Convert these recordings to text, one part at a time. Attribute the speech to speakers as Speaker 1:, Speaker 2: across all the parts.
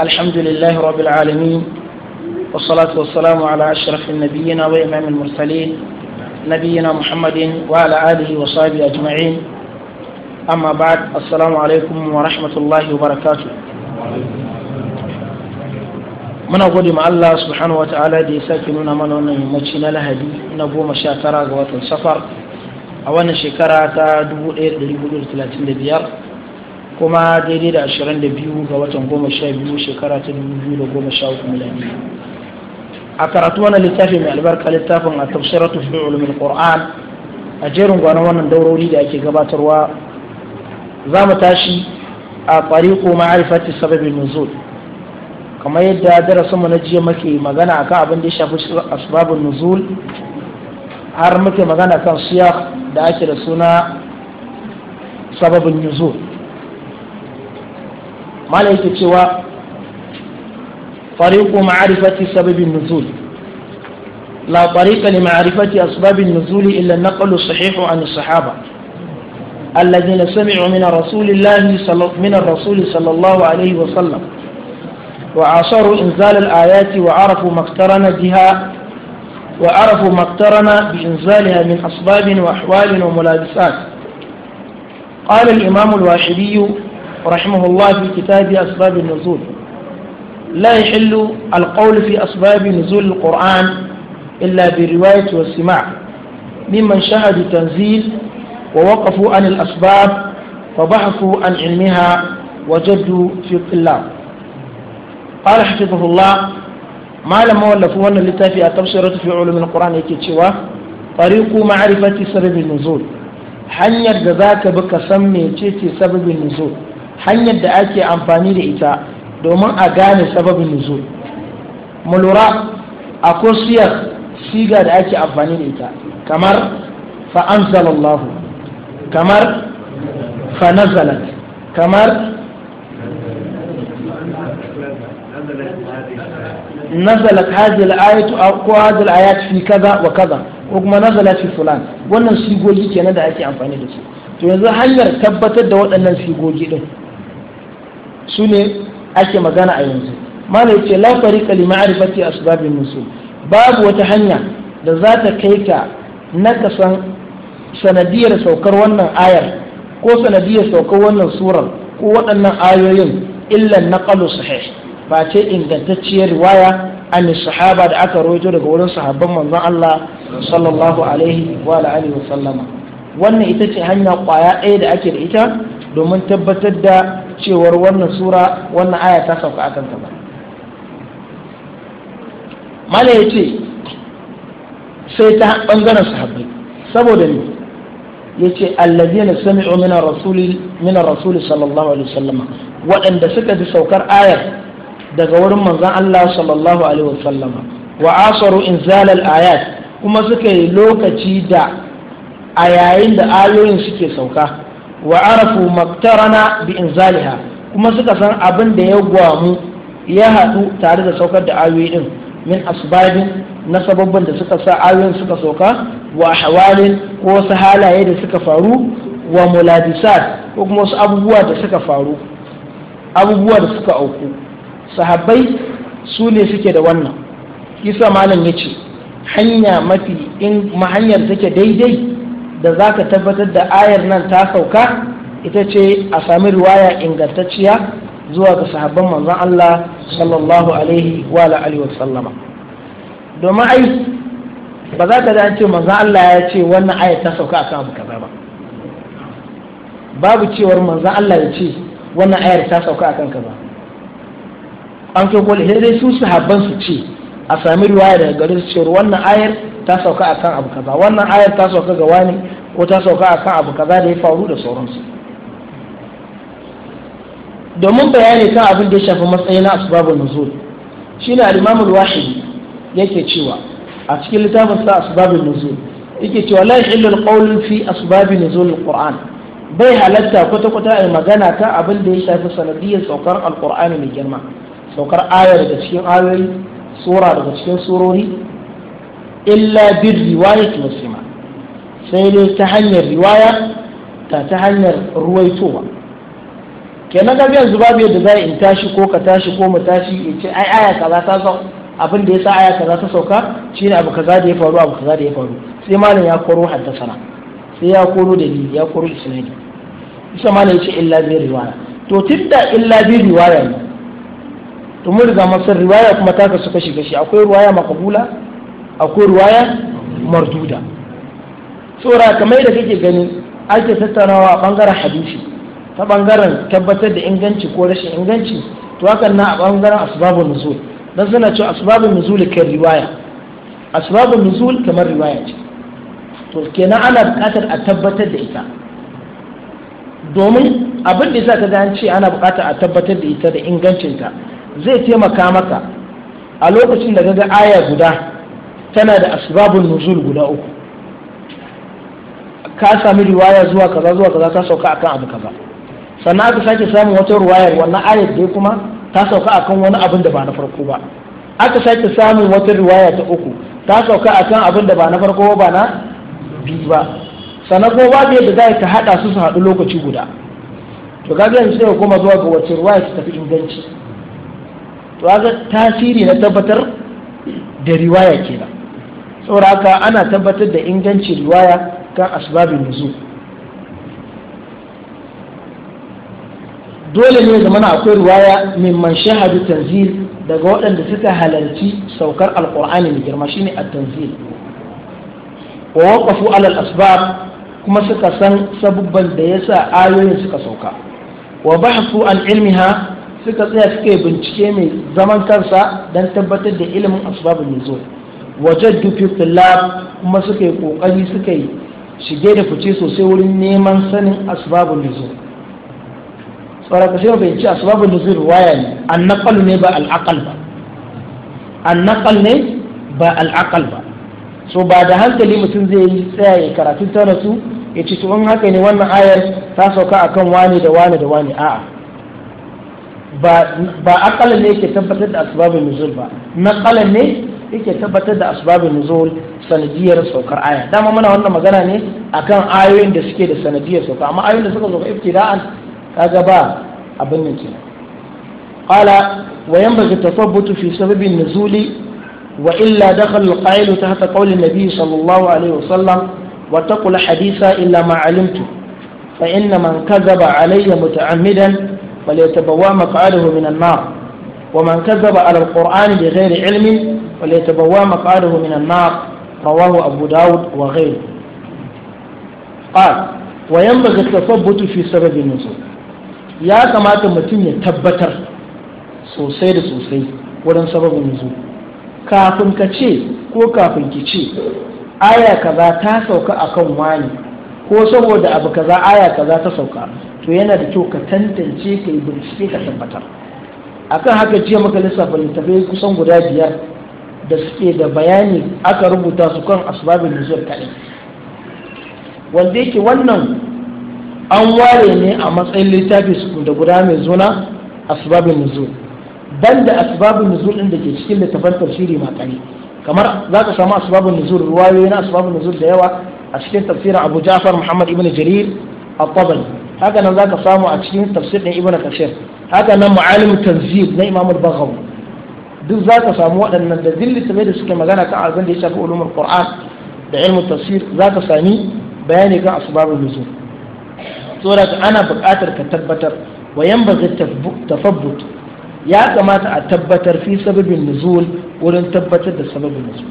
Speaker 1: الحمد لله رب العالمين والصلاة والسلام على أشرف النبيين وإمام المرسلين نبينا محمد وعلى آله وصحبه أجمعين أما بعد السلام عليكم ورحمة الله وبركاته من أقول ما الله سبحانه وتعالى دي ساكنون من أن لها دي نبو مشاكرة قوة السفر أولا شكرا تا دبو إير دبو kuma daidai da ashirin 22 ga watan 12 shekara ta 2013 miladiya a karatu wannan littafi mai albarka littafin a tafsiratu fi ulumin qur'an a jerin gwanon wannan daurori da ake gabatarwa za mu tashi a tsariko ma'arifatis sababin nuzul kamar yadda darasinmu na jiya muke magana akan abin da ya shafi asbabun nuzul har muke magana kan siyar da ake da suna sababin nuzul ما ليس سوى طريق معرفة سبب النزول لا طريق لمعرفة أسباب النزول إلا النقل الصحيح عن الصحابة الذين سمعوا من رسول الله صل... من الرسول صلى الله عليه وسلم وعاصروا إنزال الآيات وعرفوا ما اقترن بها وعرفوا ما اقترن بإنزالها من أسباب وأحوال وملابسات قال الإمام الواحدي رحمه الله في كتاب أسباب النزول لا يحل القول في أسباب نزول القرآن إلا برواية والسماع ممن شهد التنزيل ووقفوا عن الأسباب فبحثوا عن علمها وجدوا في الطلاب قال حفظه الله ما لم ولفوا أن لتافي التبصرة في علوم القرآن يكتشوا طريق معرفة سبب النزول hanyar da za ka bi ka san mecece sababin nuzul hanyar da ake amfani da ita domin a gane sababin nuzul mu lura akwai siyar siga da ake amfani da ita kamar fa'anzalallahu kamar fanazalat kamar
Speaker 2: nazalat hadhihi
Speaker 1: al-ayatu ko hadhihi al-ayat fi kaza wa kaza ko kuma nazalat fi fulan wannan sigogi kenan da ake amfani da su to yanzu hanyar tabbatar da waɗannan sigogi din su ne ake magana a yanzu mana yace la fariqa li a asbabin musul babu wata hanya da za ta kai ka na kasan sanadiyar saukar wannan ayar ko sanadiyar saukar wannan surar ko waɗannan ayoyin illa naqalu sahih ba ce ingantacciyar waya, an sahaba da aka rawaito daga wurin sahabban manzon Allah sallallahu alaihi wa alihi wa sallama wannan ita ce hanya ƙwaya ɗaya da ake da ita domin tabbatar da cewar wannan sura wannan aya ta sauka akan ta ba ya ce sai ta bangaren sahabbai saboda ne ya ce sami'u min rasuli min rasuli sallallahu alaihi wasallam waɗanda suka ji saukar ayar daga wurin manzon Allah sallallahu alaihi wasallam wa asaru inzal al ayat kuma suka yi lokaci da a yayin da ayoyin suke sauka wa arafu maktarana bi inzaliha kuma suka san abin da ya gwamu ya haɗu tare da saukar da ayoyi din min asbabin na sababbin da suka sa ayoyin suka sauka wa hawalin ko wasu halaye da suka faru wa muladisat ko kuma wasu abubuwa da suka faru abubuwa da suka auku sahabbai su ne suke da wannan kisa malam ya ce hanya mafi in mahanyar take daidai da za ka tabbatar da ayar nan ta sauka ita ce a sami riwaya ingantacciya zuwa ga sahabban manzon Allah sallallahu alaihi wa alihi wa sallama domin ai ba za ka an ce manzon Allah ya ce wannan ayar ta sauka akan abu kaza ba babu cewar manzon Allah ya ce wannan ayar ta sauka akan kaza an kai kole dai su sahabban su ce a sami riwaya daga gare su cewa wannan ayar ta sauka a kan abu kaza wannan ayar ta sauka ga wani ko ta sauka a kan abu kaza da ya faru da sauransu domin bayani kan abin da ya shafi matsayi na asbabun nuzul shi ne alimamu wahidi yake cewa a cikin littafin sa asbabun nuzul yake cewa la yahillu al fi asbabin nuzul al-qur'an bai halatta kwata-kwata a magana ta, abin da ya shafi sanadiyar saukar alkur'ani mai girma saukar ayar da cikin ayoyi sura daga cikin surori illa bir riwayat muslima sai dai ta hanyar riwaya ta ta hanyar ruwaitowa na ga yanzu babu yadda za in tashi ko ka tashi ko mu tashi in ce ai aya kaza ta zo abin da yasa aya kaza ta sauka shine abu kaza da ya faru abu kaza da ya faru sai malam ya koro haddasana sai ya koro da ni ya koro isnadi isa malam ya ce illa bi riwaya to tunda illa bi riwaya ne to mun riga masar riwaya kuma ta kasu kashi kashi akwai riwaya makabula akwai riwaya marduda tsora kamar da kake gani ake tattaunawa a bangaren hadisi ta bangaren tabbatar da inganci ko rashin inganci to hakan na a bangaren asbabun nuzul dan suna cewa asbabun nuzul kan riwaya asbabun nuzul kamar riwaya ce to kenan ana buƙatar a tabbatar da ita domin abin da za ka ga ce ana buƙatar a tabbatar da ita da ingancinta zai taimaka maka a lokacin da ga aya guda tana da asbabun nuzul guda uku ka sami riwaya zuwa kaza zuwa kaza ta sauka akan abu kaza sannan aka sake samun wata riwaya wannan ayar dai kuma ta sauka akan wani abin da ba na farko ba aka sake samun wata riwaya ta uku ta sauka akan abin da ba na farko ba na biyu ba sannan kuma babu yadda za ta haɗa su su haɗu lokaci guda to ga yanzu sai ka koma zuwa ga wacce riwaya ta tafi inganci to tasiri na tabbatar da riwaya ke ba tsoraka ana tabbatar da ingancin riwaya kan asbabin nuzul dole ne zamana akwai riwaya mimman shahadu tanzil daga waɗanda suka halarci saukar alkur'ani mai girma shine a tanzil wa waƙafu alal asbab kuma suka san sabubban da yasa ayoyin suka sauka wa bahasu an ilmiha suka tsaya suka yi bincike mai zaman kansa don tabbatar da ilimin asibabin nuzul wajen dufi kuma suka yi kokari suka yi shige da fice sosai wurin neman sanin asibabin nuzul tsara kashe bai ci asbabun nuzul waya ne naƙal ne ba al'aƙal ba An naƙal ne ba al'aƙal ba so ba da hankali mutum zai yi tsaya ya karatu ta rasu ya ci to in haka ne wannan ayar ta sauka akan wani da wani da wani a'a ba akala ne yake tabbatar da asbabun nuzul ba naqala ne yake tabbatar da asbabun nuzul sanadiyar saukar aya dama muna wannan magana ne akan ayoyin da suke da sanadiyar sauka amma ayoyin da suka zo ibtida'an kaga ba abin nan kenan qala wa yanbaghi tathabbutu fi sababin nuzuli wa illa dakhala al-qa'il tahta qawli an-nabi sallallahu alaihi wasallam wa taqul haditha illa ma 'alimtu fa inna man kadhaba alayya muta'ammidan فليتبوى مقعده من النار ومن كذب على القرآن بغير علم فليتبوى مقعده من النار رواه أبو داود وغيره قال وينبغي التثبت في سبب النزول يا كما تمتين يتبتر sosai da sosai wurin sababin nuzul kafin ka ce ko kafin ki ce aya kaza ta sauka akan wani ko saboda abu kaza aya kaza ta sauka to yana da kyau ka tantance ka yi bincike ka tabbatar akan haka jiya muka lissafa littafai kusan guda biyar da suke da bayani aka rubuta su kan asbabin nuzul kaɗai wanda yake wannan an ware ne a matsayin littafi su da guda mai zuna asbabin nuzul banda asbabin nuzul ɗin da ke cikin littafan tafsiri makare kamar za ka samu asbabin nuzul ruwayoyi na asbabin nuzul da yawa a cikin tafsirin abu jafar muhammad ibn jarir at-tabari haka nan zaka samu a cikin tafsir din ibn kasir haka nan mu'alim na imam al duk zaka samu waɗannan da da suke magana kan abin da ya shafi ulumul qur'an da ilmu tafsir zaka sami bayani kan asbabul nuzul saboda ana buƙatar ka tabbatar wa yanbaghi tafabbut ya kamata a tabbatar fi sababin nuzul wurin tabbatar da sababin nuzul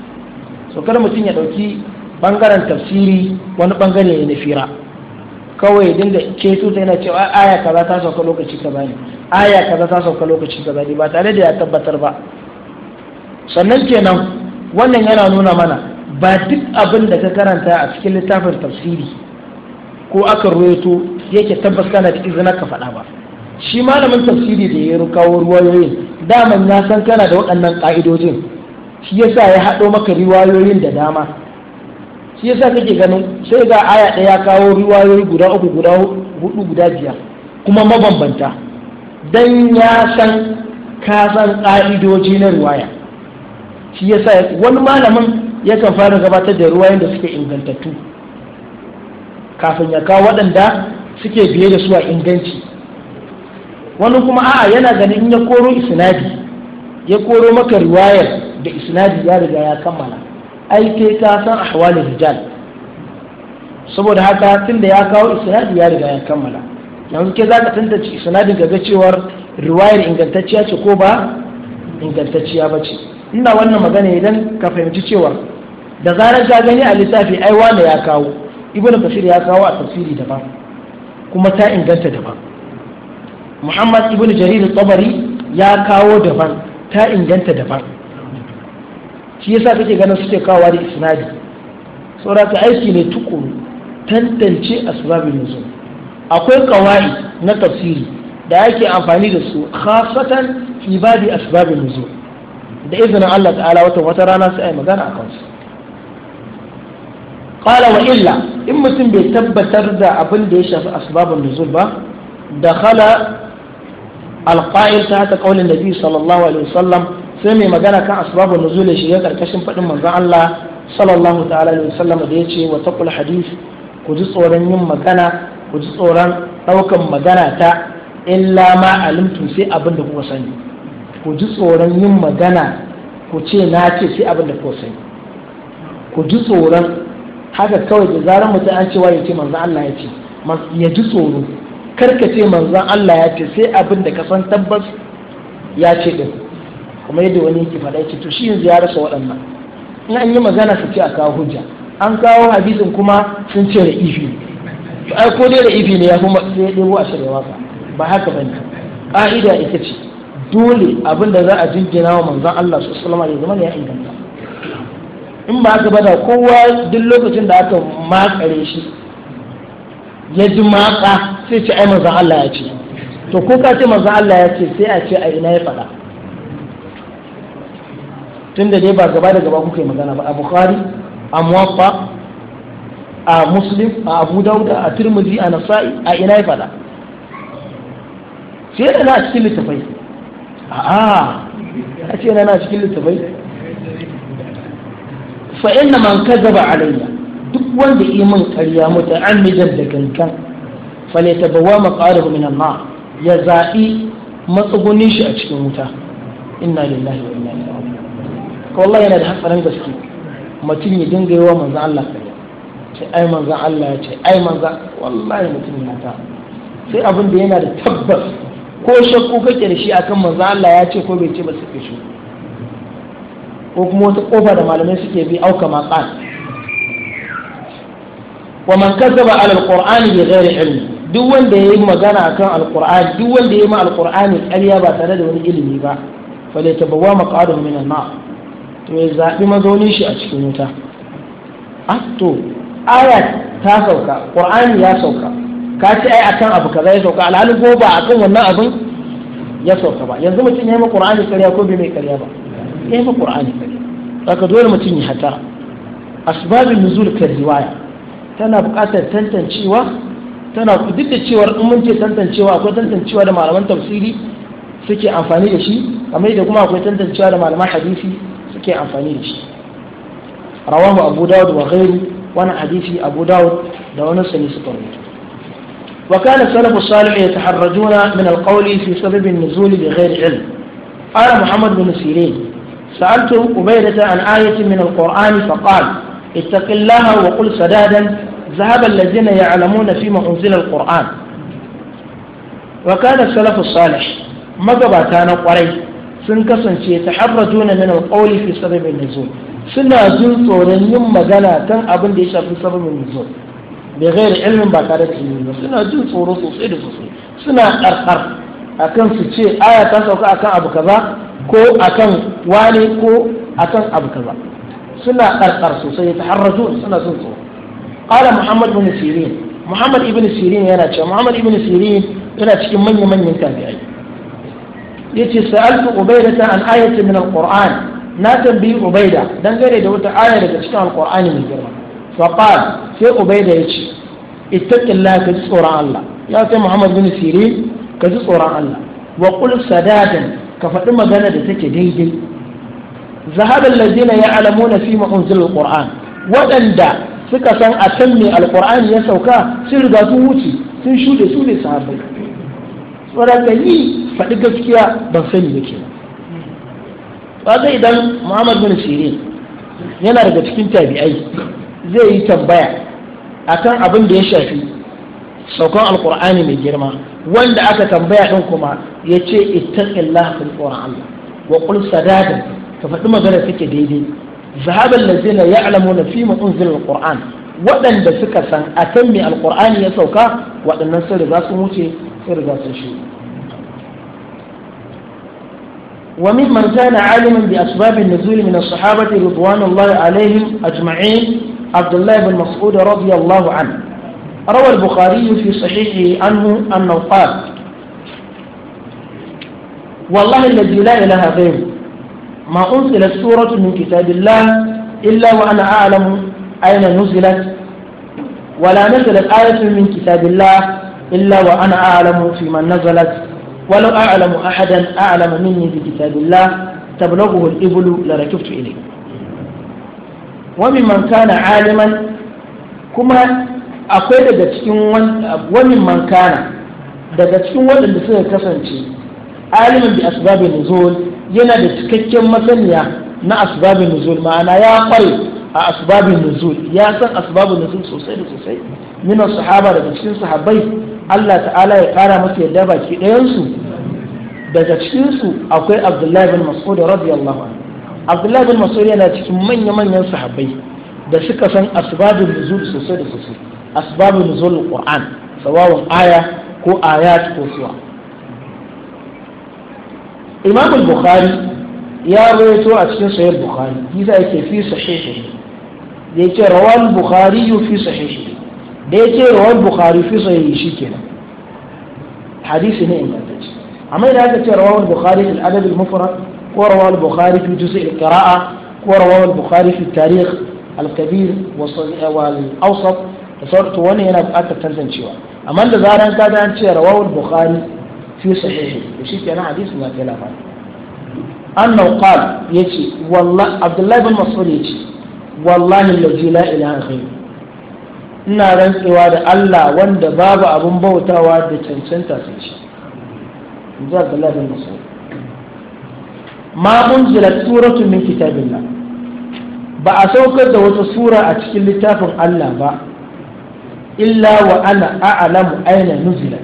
Speaker 1: so kada mutum ya ɗauki. bangaren tafsiri wani bangare ne na fira kawai dinga ke tuta yana cewa aya kaza ta sauka lokaci ka bani, aya kaza ta sauka lokaci ka bani, ba tare da ya tabbatar ba sannan kenan wannan yana nuna mana ba duk abin da ka karanta a cikin littafin tafsiri ko aka ruwaito yake tabbas kana da izinin ka faɗa ba shi malamin tafsiri da ya kawo ruwayoyin daman ya san kana da waɗannan ƙa'idojin shi yasa ya haɗo maka riwayoyin da dama shi yasa kake ganin sai ga aya ɗaya ya kawo riwayoyi guda uku guda hudu guda biyar kuma mabambanta dan ya san ka san ƙa'idoji na riwaya shi yasa wani malamin yakan fara gabatar da ruwayen da suke ingantattu kafin ya kawo waɗanda suke biye da su a inganci wani kuma a'a yana ganin ya koro isinadi, ya koro maka riwayar da isinadi ya riga ya kammala Aike ta ka san ahwalin rijal saboda haka da ya kawo isnadi ya riga ya kammala yanzu ke za ka tantance isnadin ka ga cewar riwayar ingantacciya ce ko ba ingantacciya ba ce ina wannan magana idan ka fahimci cewar da zarar ka gani a lissafi ai wanda ya kawo ibnu kasir ya kawo a tafsiri daban kuma ta inganta daban muhammad ibnu jarir tabari ya kawo daban ta inganta daban shi yasa kake ganin suke kawo da isnadi saboda ka aiki ne tukuru tantance asbabin nuzul akwai kawai na tafsiri da yake amfani da su khasatan ibadi asbabin nuzul da izinin Allah ta'ala wata wata rana sai ai magana a su,
Speaker 2: qala wa illa
Speaker 1: in mutum bai tabbatar da abin da ya shafi asbabun nuzul ba dakhala alqa'il ta ta qaulin nabi sallallahu alaihi wasallam sai mai magana kan asbabu nuzul shiga karkashin faɗin manzon Allah sallallahu ta'ala alaihi wasallam da yace wa taqul hadith ku ji tsoron yin magana ku ji tsoron ɗaukan magana ta illa ma alimtum sai abin da kuka sani ku ji tsoron yin magana ku ce na ce sai abin da kuka sani ku ji tsoron haka kawai da zaran mutum an cewa ya ce manzon Allah ya ce ya ji tsoro karka ce manzon Allah ya ce sai abin da ka san tabbas ya ce din kuma yadda wani yake faɗa yake to shi yanzu ya rasa waɗannan in an yi magana su ce a kawo hujja an kawo hadisin kuma sun ce da ifi to ai ko dai da ifi ne ya kuma sai ya ɗebo a shirya waka ba haka bane ƙa'ida ita ce dole abin da za a jingina wa manzon Allah su sallama ya zama ya inganta in ba haka ba da kowa duk lokacin da aka makare shi ya ji matsa sai ce ai manzon Allah ya ce to ko ka ce manzon Allah ya ce sai a ce a ina ya faɗa tunda dai ba gaba da gaba kuka yi magana ba a bukhari a muwaffa a muslim a abu dauda a turmuzi a nasa'i a ina ya fada sai da na a cikin littafai a'a a ce na a cikin littafai fa inna man kazzaba alayya duk wanda yi min ƙarya muta'ammidan da kankan fa ne tabawa maqalahu min an ya zaɓi matsugunin shi a cikin wuta inna lillahi wa inna ko wallahi yana da hatsarin gaske mutum ya dinga yi wa manzan Allah ce ai manzan Allah ya ce ai manzan wallahi mutum ya ta sai abin da yana da tabbas ko shakku kake da shi akan manzan Allah ya ce ko bai ce ba su fi shi ko kuma wata kofa da malamai suke bi auka maqal wa man kazzaba ala alqur'ani bi ghairi ilmi duk wanda yayi magana akan alqur'ani duk wanda yayi ma alqur'ani ƙarya ba tare da wani ilimi ba fa la tabawwa maqadun min an-nar Mai ya zaɓi mazaunin shi a cikin wuta to ayat ta sauka ƙur'ani ya sauka ka ce ai akan abu kaza ya sauka alhalin ko ba akan wannan abin ya sauka ba yanzu mutum ya yi ƙur'ani ƙarya ko bai mai ƙarya ba ya yi ƙur'ani ƙarya saka dole mutum ya hata asbabin nuzul ka riwaya tana buƙatar tantancewa tana duk da cewa in mun ce tantancewa akwai tantancewa da malaman tafsiri suke amfani da shi kamar da kuma akwai tantancewa da malaman hadisi suke amfani da shi rawahu abu dawud wa ghairu wani hadisi abu dawud da wani sani suka rubuta وكان السلف الصالح يتحرجون من القول في سبب النزول بغير علم قال محمد بن سيرين سألت أبيدة عن آية من القرآن فقال اتق الله وقل سدادا ذهب الذين يعلمون فيما أنزل القرآن وكان السلف الصالح مقبتان قريب sun kasance ta harrajuna min alƙawli fi sababin nuzul suna jin tsoron yin magana kan abin da ya shafi sababin nuzul bai gaira ilmin ba tare da ilmi ba suna jin tsoro sosai da sosai suna ƙarƙar akan su ce aya ta sauka akan abu kaza ko akan wani ko akan abu kaza suna ƙarƙar sosai ta harrajuna suna jin tsoro qala muhammad ibn sirin muhammad ibn sirin yana cewa muhammad ibn sirin yana cikin manya-manyan tabi'ai yace sa'altu ubaidata an ayatin min alquran na tambayi ubaida dangane da wata aya daga cikin alkur'ani mai girma faqal sai ubaida ya ce ittaqillah ka ji tsoron Allah ya sai Muhammad bin Sirin ka ji tsoron Allah wa qul sadadan ka faɗi magana da take daidai zahabal ladina ya'lamuna fi ma unzila alquran waɗanda suka san a san me alqur'ani ya sauka sun riga sun wuce sun shuɗe su ne sahabbai tsoraka yi faɗi gaskiya ban sani yake ba zai idan muhammad bin Sire yana daga cikin tabi'ai zai yi tambaya akan abin da ya shafi saukan alkur'ani mai girma wanda aka tambaya ɗin kuma ya ce ittaqillah fil qur'an wa qul sadada ka faɗi magana take daidai ذهب الذين يعلمون فيما أنزل القرآن waɗanda suka san a mai me alƙur'ani ya sauka waɗannan sun za su wuce ارجع تشوف ومن من كان عالما بأسباب النزول من الصحابة رضوان الله عليهم أجمعين عبد الله بن مسعود رضي الله عنه روى البخاري في صحيحه عنه أنه قال والله الذي لا إله غيره ما انزلت سوره من كتاب الله إلا وأنا أعلم أين نزلت ولا نزلت آية من كتاب الله إلا وأنا أعلم فيما نزلت ولو أعلم أحدا أعلم مني بكتاب الله تبلغه الإبل لركبت إليه وممن كان عالما كما akwai daga cikin mankana daga cikin waɗanda suka kasance alimin bi asbabin nuzul yana da cikakken masaniya na asbabin nuzul ma'ana ya kware a asbabin nuzul ya san asbabin nuzul sosai da sosai min sahaba daga cikin sahabbai Allah ta'ala ya kara masa yadda baki ɗayan su daga cikin su akwai Abdullahi bin Mas'ud radiyallahu anhu Abdullahi bin Mas'ud yana cikin manya manyan sahabbai da suka san asbabin nuzul sosai da sosai asbabin nuzul Qur'an Sawawan aya ko ayat ko suwa Imam Bukhari ya rawaito a cikin sahih bukhari kisa yake fi sahihi da yake rawan bukhari fi sahihi da yake rawan bukhari fi sahihi shikenan hadisi ne ingantacce amma idan aka ce rawan bukhari fil adab al mufrad ko rawan bukhari fi juz' al qira'a ko rawan bukhari fi tarikh al kabir wal awsat da sauransu wani yana buƙatar tantancewa amma da zaran ka an ce rawan bukhari fi sahihi to shikenan hadisin ya kai labari annahu qala ya ce, abdullahi bin ya ce, wallahi allazi la ilaha ghairu ina rantsewa da Allah wanda babu abin bautawa da cancanta su ci inji abdullahi bin masu ma unzilat suratu min kitabillah ba a saukar da wata sura a cikin littafin Allah ba illa wa ana a'lamu aina nuzilat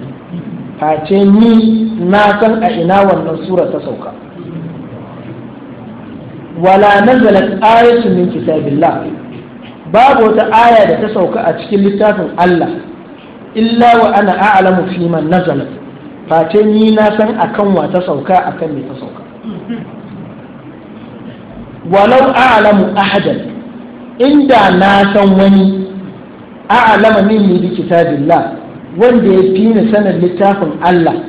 Speaker 1: face ni na san a ina wannan sura ta sauka wala nazalat ayatu min kitabillah babu wata aya da ta sauka a cikin littafin Allah illa wa'ana ana a'lamu fi man nazalat face ni na san akan wa ta sauka akan me ta sauka
Speaker 2: walau a'lamu
Speaker 1: ahadan inda na san wani a'lama minni bi kitabillah wanda ya fi ni littafin Allah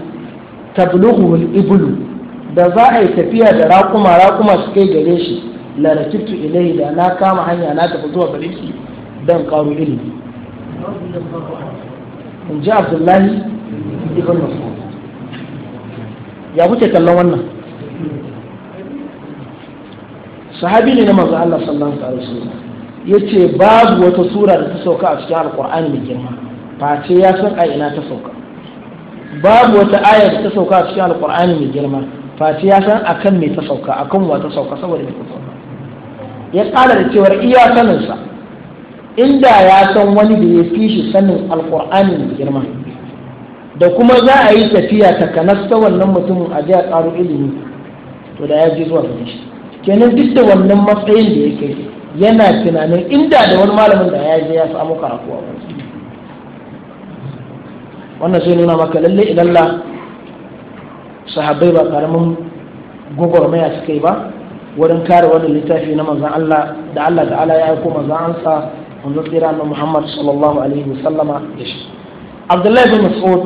Speaker 1: tablughu al-iblu da za a yi tafiya da raƙuma raƙuma su kai gare shi la rakibtu ilai da na kama hanya na tafi zuwa gare shi dan karu ilimi in ji abdullahi ibn mas'ud ya kuke kallon wannan sahabi ne na manzo Allah sallallahu alaihi wasallam yace babu wata sura da ta sauka a cikin alqur'ani mai girma face ya san a ina ta sauka babu wata aya da ta sauka a cikin alqur'ani mai girma Fati ya san akan me ta sauka akan wa ta sauka saboda me ta sauka ya ƙara da cewar iya saninsa inda ya san wani da ya fi shi sanin alkur'ani mai girma da kuma za a yi tafiya ta kanasta wannan mutumin a jiya ƙaro ilimi to da ya je zuwa gare shi kenan duk da wannan matsayin da ya kai yana tunanin inda da wani malamin da ya je ya samu karatu wannan zai nuna maka lalle ilalla sahabbai ba karamin gwagwarmaya suka yi ba wurin kare wani littafi na manzan Allah da Allah ta'ala ya aiko manzan ansa manzan tsira na Muhammad sallallahu alaihi wasallama da shi Abdullahi bin Mas'ud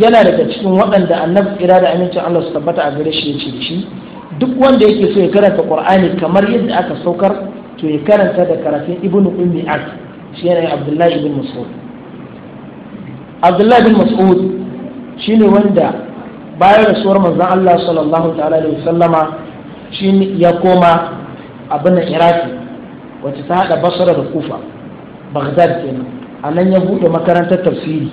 Speaker 1: yana daga cikin waɗanda annabi tsira da amincin Allah su tabbata a gare shi ya ce shi duk wanda yake so ya karanta Qur'ani kamar yadda aka saukar to ya karanta da karatun Ibn Ummi Ak shi yana Abdullahi bin Mas'ud Abdullahi bin Mas'ud shine wanda bayan rasuwar manzon Allah sallallahu ta'ala alaihi sallama shi ya koma abin iraki wacce ta hada basara da kufa ke kenan a nan ya buɗe makarantar tafsiri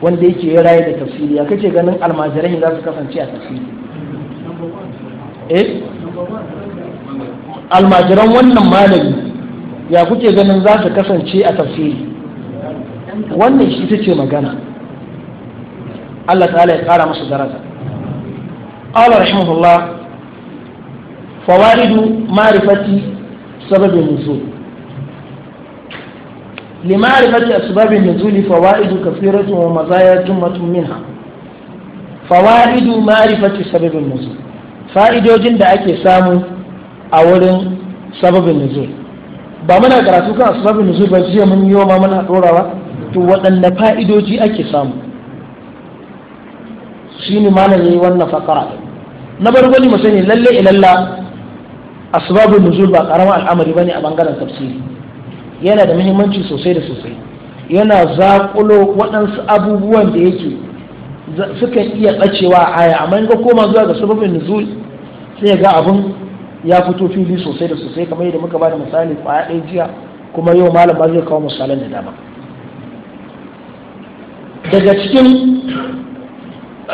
Speaker 1: wanda yake ya raye da tafsiri ya kace ganin almajirai za su kasance a tafsiri
Speaker 2: eh almajiran wannan malami
Speaker 1: ya kuke ganin za su kasance a tafsiri wannan shi ta ce magana Allah ta'ala ya kara masu daraja Allah qala rahimahullah fawaidu ma'rifati sabab nuzul لمعرفة أسباب النزول فوائد كثيرة ومزايا min ha. فوائد معرفة sababin النزول fa'idojin da ake samu a wurin sababin nuzul ba muna karatu kan sababin nuzul ba jiya mun yi wa ma muna dorawa to waɗanne fa'idoji ake samu Shi ne malam yi wannan fakara na bargwani mu ne lalle ilalla asbabun nuzul ba karama al'amari bane a bangaren tafsiri yana da muhimmanci sosai da sosai yana zaƙulo waɗansu abubuwan da yake suka iya ɓacewa a aya amma in ka koma zuwa ga sababin nuzul sai ya ga abun ya fito fili sosai da sosai kamar yadda muka ba da misali kwaya ɗaya jiya kuma yau malam ba zai kawo misalan da dama daga cikin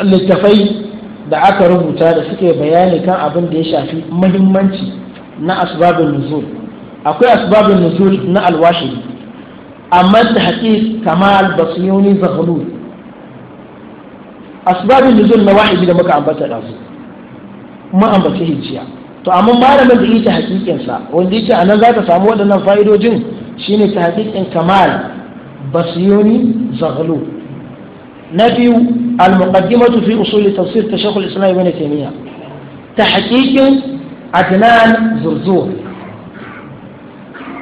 Speaker 1: littafai da aka rubuta da suke bayani kan abin da ya shafi muhimmanci na asbabin nuzul akwai asbabin nuzul na alwashi amma da haƙi kamal basiyoni zahalu asbabin nuzul na wahibi da muka ambata da su mu ambace hijiya to amma malamin da ita haƙiƙinsa. wanda yake a nan za ka samu waɗannan fa'idojin shine ta haƙiƙin kamal basiyoni zahalu na biyu المقدمة في أصول تفسير تشيخ الإسلام ابن تيمية تحقيق عدنان زرزور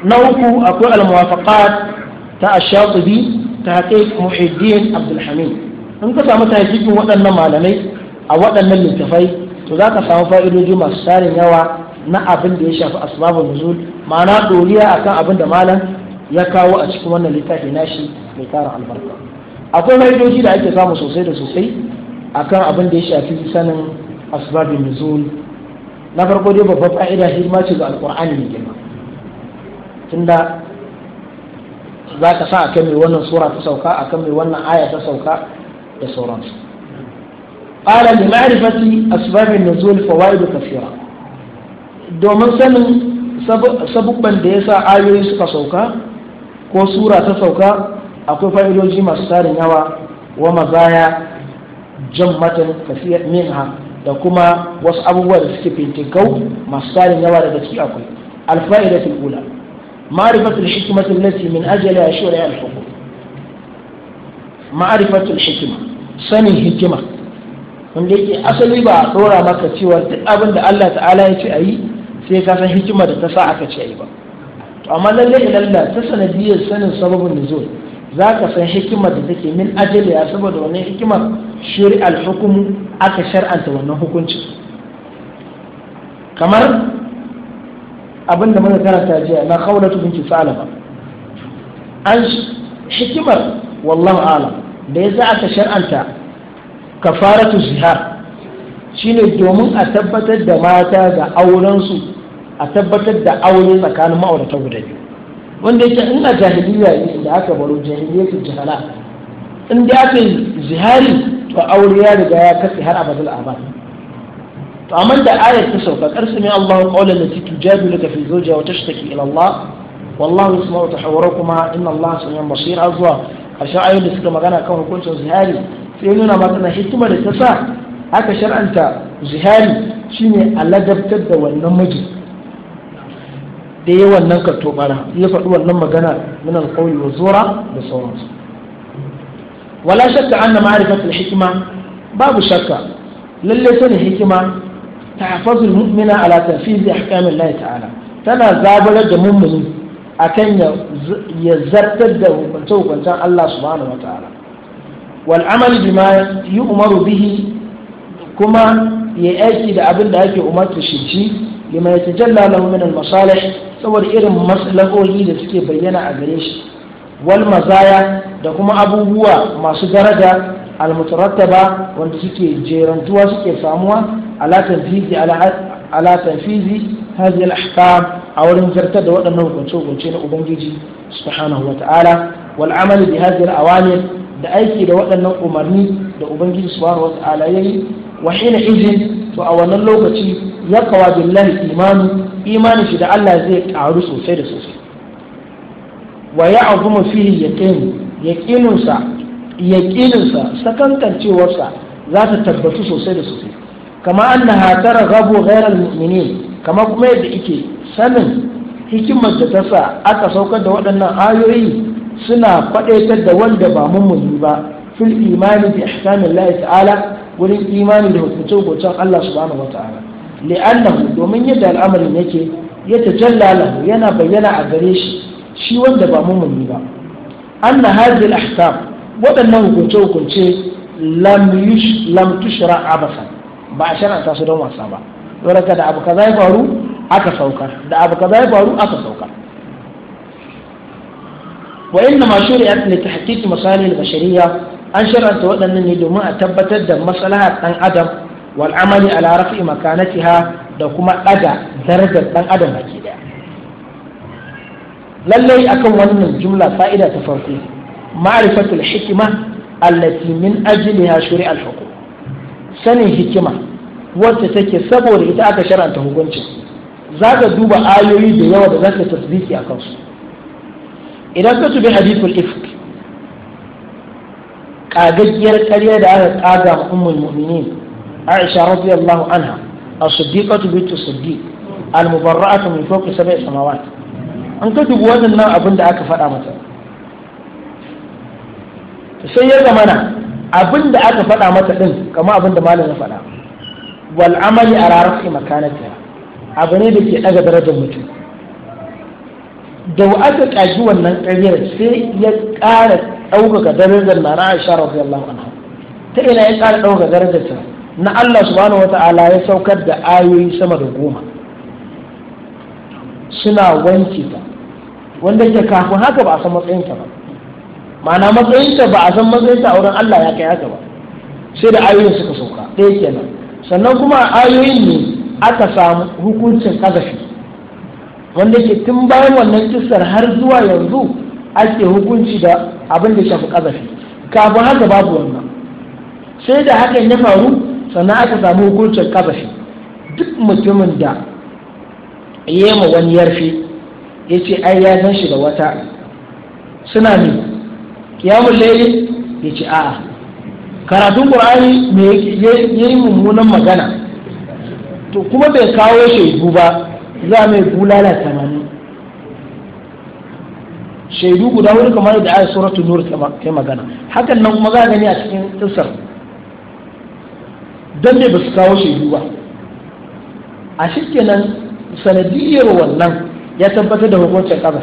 Speaker 1: نوكو أقوى الموافقات تاع الشاطبي تحقيق محي الدين عبد الحميد in ka samu tahqiqin waɗannan malamai a waɗannan littafai to za ka samu fa'idodi masu tarin yawa na abin ya shafi asbaba nuzul ma'ana doriya akan abin da malam ya kawo a cikin wannan littafi nashi mai tara albarka akwai fa'idoji da ake samu sosai da sosai akan abin da ya shafi sanin asbabin nuzul na farko dai babbar fa'ida hidima ce ga alqur'ani ne girma tunda za ka sa akan mai wannan sura ta sauka akan mai wannan aya ta sauka da sauransu
Speaker 2: qala li ma'rifati
Speaker 1: asbabin nuzul fawaid kathira domin sanin sabubban da yasa ayoyi suka sauka ko sura ta sauka akwai fa'idoji masu tsarin yawa wa mazaya Matan, kafiyar minha da kuma wasu abubuwa da suke kau, masu tsarin yawa daga ciki akwai alfa'ida ula ma’arifatul hikmatu lati min ya shura ya hukum ma’arifatul shikima, sanin hikima wanda yake asali ba a tsora maka cewa duk abin da Allah ta'ala ya ce a yi sai ka san hikima da ta sa aka ce a yi ba to amma lallai lallai ta sanadiyar sanin sababin zuwa za ka san hikimar da take min ajaliya saboda wannan hikimar shari'al hukumu aka shar'anta wannan hukuncin kamar abin da muka karanta jiya na khawlatu binti salama an hikimar wallahu alam da yasa aka shar'anta kafaratu zihar shine domin a tabbatar da mata da aurensu a tabbatar da aure tsakanin ma'aurata guda biyu wanda yake ina jahiliya ne da aka baro jahiliyatul jahala in da aka yi zihari to aure ya riga ya katse har abadul abad to amma da ayar ta sauka karsu ne Allahu qawla lati tujadiluka fi zawjiha wa tashtaki ila Allah wallahu yasma'u tahawurakuma inna Allah sami'un basir azwa karshen ayoyin da suka magana kan hukuncin zihari sai nuna maka na hikima da ta sa aka shar'anta zihari shine aladabtar da wannan miji da ya wannan karto bara ya faɗi wannan magana min alƙawli wa zura da sauransu wala shakka anna ma'rifatul hikma babu shakka lalle sanin hikima tahfazul mu'mina ala tanfizi ahkamillahi ta'ala tana zabarar da mummuni akan ya zartar da hukunce-hukuncen Allah subhanahu wa ta'ala wal amal bima yu'maru bihi kuma ya aiki da abin da ake umarta shi lima ya tajalla lahu min al-masalih saboda irin maslahohi da suke bayyana a gare shi wal mazaya da kuma abubuwa masu daraja al-mutarattaba wanda suke jerantuwa suke samuwa ala tanfizi ala tanfizi hadhihi al-ahkam a wurin zartar da waɗannan hukunce-hukunce na ubangiji subhanahu wa ta'ala wal amali bi hadhihi al-awamir da aiki da waɗannan umarni da ubangiji subhanahu wa ta'ala yayi wa hina izin to a wannan lokaci ya kawa billahi imani imanin shi da Allah zai karu sosai da sosai wa ya azuma fihi yaqin yaqininsa yaqininsa sakankancewarsa za ta tabbatu sosai da sosai kama an tara gabu ghairal mu'minin kama kuma yadda yake sanin hikimar da ta sa aka saukar da waɗannan ayoyi suna faɗaitar da wanda ba mummuni ba fil imani bi ihsanillahi ta'ala wurin imani da hukuncin Allah subhanahu wa ta'ala li'annahu domin yadda al'amarin yake ya tajalla lahu yana bayyana a gare shi shi wanda ba mumuni ba anna hadhihi al-ahkam waɗannan hukunce hukunce lam yush lam tushra ba a shar'anta su don wasa ba don da abu kaza ya faru aka saukar da abu kaza ya faru aka saukar wa inna ma shuri'at li tahqiq masalih al-bashariyya an shar'anta waɗannan ne domin a tabbatar da maslahar ɗan adam wal amali ala rafi makanatiha da kuma ɗaga darajar ɗan adam baki ɗaya lallai akan wannan jumla fa'ida ta farko ma'rifatul hikima allati min ajliha shuri'a al-hukum sanin hikima wacce take saboda ita aka sharanta hukuncin za ka duba ayoyi da yawa da za ka tasbiki a kansu idan ka tubi hadithul ifk kagaggiyar karya da aka kaga ummul mu'minin عائشة رضي الله عنها الصديقة بنت الصديق المبرأة من فوق سبع سماوات an ka dubi waɗannan abin da aka faɗa mata sai ya zamana abin da aka faɗa mata ɗin kama abin da malam ya faɗa wal a rarrafi da ke ɗaga darajar mutum da aka ƙaji wannan ƙaryar sai ya ƙara ɗaukaka darajar na ra'ayi sha radiyallahu anha ta ina ya ƙara ɗaukaka darajar ta na Allah subhanahu wata'ala ya saukar da ayoyi sama da goma suna wanke ta wanda ke kafin haka ba a san matsayinta ba ma'ana matsayinta ba a san matsayinta a wurin Allah ya kai haka ba sai da ayoyin suka sauka ɗaya kenan sannan kuma ayoyin ne aka samu hukuncin kazafi wanda ke tun bayan wannan kissar har zuwa yanzu ake hukunci da abin da shafi kazafi kafin haka babu wannan sai da hakan ya faru sannan aka samu hukuncin kasafi duk mutumin da ya ma wani yarfi ya ce ai ya san shi da wata suna ne kiyamun laili ya ce a'a karatun ƙur'ani mai ya yi mummunan magana to kuma bai kawo shaidu ba za mai bulala tamanin shaidu guda wani kamar da ayat suratun nur ta magana hakan nan kuma za gani a cikin tsar. don me ba su kawo shaidu ba a kenan sanadiyar wannan ya tabbatar da hukuncin kabar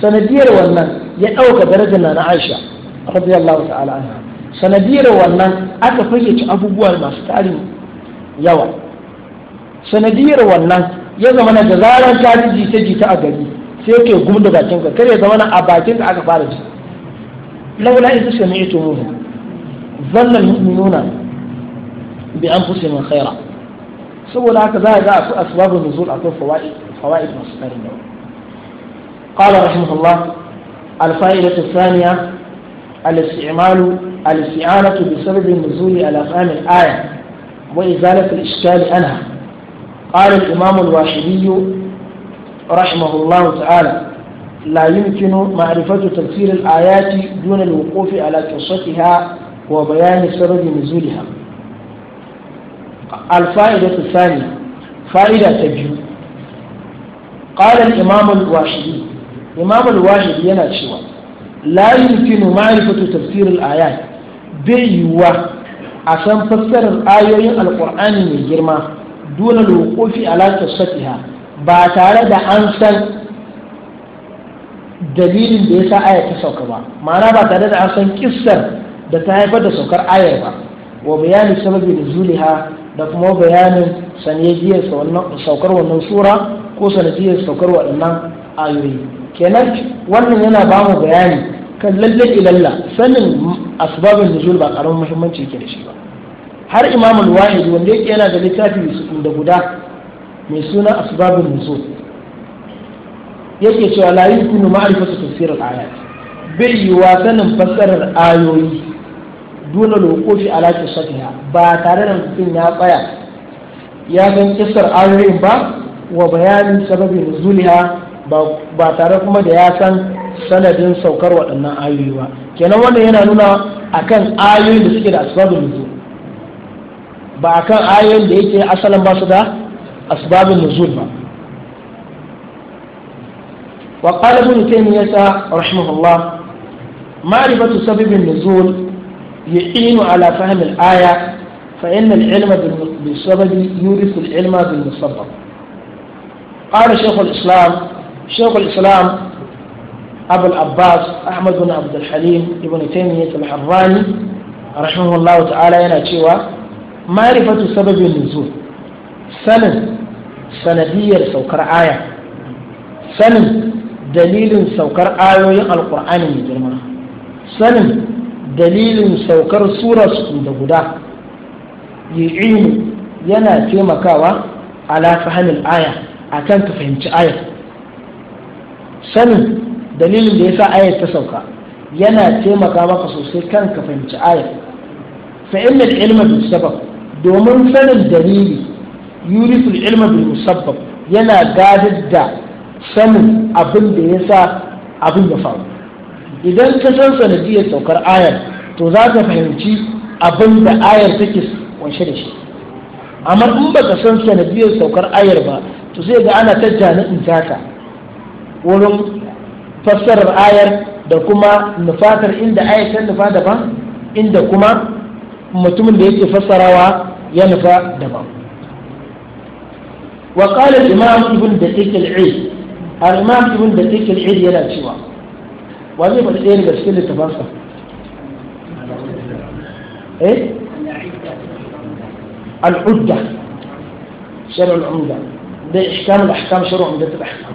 Speaker 1: sanadiyar wannan ya ɗauka darajar na na aisha radiyallahu ta'ala anha sanadiyar wannan aka fayyace abubuwa masu tarin yawa sanadiyar wannan ya zama na da zarar ta ji jita jita a gari sai ke gumda da bakin ka kare zama na a bakin ka aka fara ji laula in sami ito mu zanna mu'minuna بأنفسهم خيرا khaira saboda haka za a ga فوائد asbabun nuzul قال رحمه الله الفائدة الثانية الاستعمال الاستعانة بسبب النزول على فهم الآية وإزالة الإشكال عنها قال الإمام الواحدي رحمه الله تعالى لا يمكن معرفة تفسير الآيات دون الوقوف على قصتها وبيان سبب نزولها الفائدة الثانية فائدة تبيو قال الإمام الواشدي إمام الواحدي ينشوى لا يمكن معرفة تفسير الآيات بيوا عشان تفسر الآية القرآن من جرمة دون الوقوف على قصتها بعد tare da an san dalilin da ya sa بعد ta sauka ba ma'ana ba tare da an san kissar da ta da kuma bayanin sanadiyar saukar wannan sura ko sanadiyar saukar waɗannan ayoyi kenan wannan yana ba mu bayani kan lalle ilalla sanin asbabin nuzul ba karamin muhimmanci yake da shi ba har imam al-wahid wanda yake yana da littafi da guda mai suna asbabin nuzul yake cewa la yumkinu ma'rifatu tafsir al-ayat bai yiwa sanin fassarar ayoyi duna lokofi ala safiya. ba tare da mutum ya tsaya ya san kisar ayoyin ba wa bayanin da zuliya ba tare kuma da ya san sanadin saukar waɗannan ayoyi ba kenan wannan yana nuna akan ayoyin da suke da asibabin nuzul ba kan ayoyin da yake asalin ba su da asbabin nuzul ba wa qala ibn taymiyah rahimahullah ma'rifatu sababin nuzul يعين على فهم الآية فإن العلم بالسبب يورث العلم بالمسبب قال شيخ الإسلام شيخ الإسلام أبو العباس أحمد بن عبد الحليم ابن تيمية الحراني رحمه الله تعالى ينا cewa معرفة سبب النزول sanin sanadiyar saukar aya sanin dalilin saukar ayoyin alkur'ani mai girma sanin dalilin saukar surarsu da guda ilmi yana taimakawa ala fahimin aya a kan ka fahimci aya. sanin dalilin da ya sa ayar ta sauka yana taimaka maka sosai kan ka fahimci aya. fa'ilmin ilma bil sabab domin sanin dalili yurisul ilma bil musabbab yana gadar da sanin abin da ya sa abin ya faru idan ka san sanadiyar saukar ayar to za ka fahimci abin da ayar take kunshe da shi amma in ba ka san sanadiyar saukar ayar ba to sai ga ana ta jani'in taka wurin fassarar ayar da kuma nufatar inda ayar ta nufa daban inda kuma mutumin da yake fassarawa ya nufa daban وقال الإمام ابن دقيق العيد الإمام ابن دقيق العيد يلا cewa wa zai faɗi ɗaya daga cikin إيه؟ العدة شرع العمدة ده إحكام الأحكام شرع عمدة الأحكام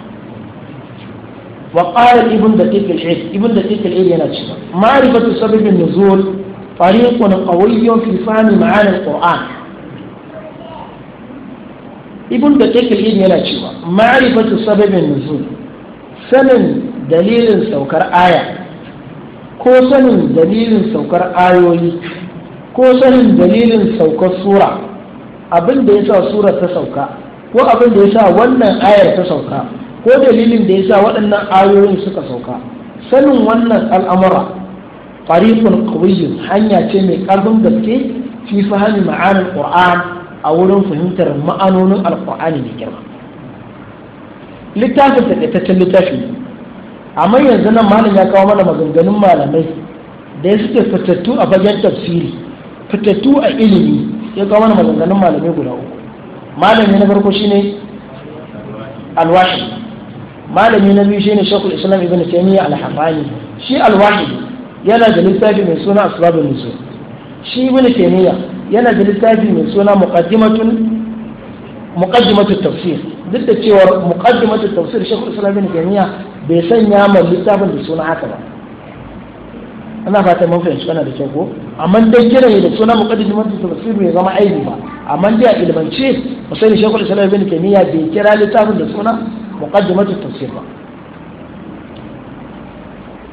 Speaker 1: وقال ابن دقيق العيد ابن دقيق العيد يناتشر معرفة سبب النزول طريق قوي في فهم معاني القرآن ابن دقيق العيد يناتشر معرفة سبب النزول سنن dalilin saukar aya ko sanin dalilin saukar ayoyi ko sanin dalilin saukar sura abin da ya sa surar ta sauka ko abin da ya sa wannan ayar ta sauka ko dalilin da ya sa waɗannan ayoyin suka sauka sanin wannan al'amura fariqun qawiyyun hanya ce mai ƙarfin gaske fi fahimi ma'anar qur'an a wurin fahimtar ma'anonin alqur'ani mai girma littafin ta littafi amma yanzu nan malam ya kawo mana maganganun malamai da ya suke fitattu a fagen tafsiri fitattu a ilimi ya kawo mana maganganun malamai guda uku malami na farko shine alwashi malami na biyu shine shakul islam ibn taymiya al-hamani shi alwashi yana da littafi mai suna asbabun nuzul shi ibn taymiya yana da littafi mai suna muqaddimatun tafsir duk da cewa muqaddimatul tafsir shekul islam bin jami'a bai sanya ma littafin da suna haka ba ana fata mun fahimci wannan da kyau ko amma dai kiran da suna muqaddimatul tafsir bai zama aibi ba amma dai a ilmance musaili shekul islam bin jami'a bai kira littafin da suna muqaddimatul tafsir ba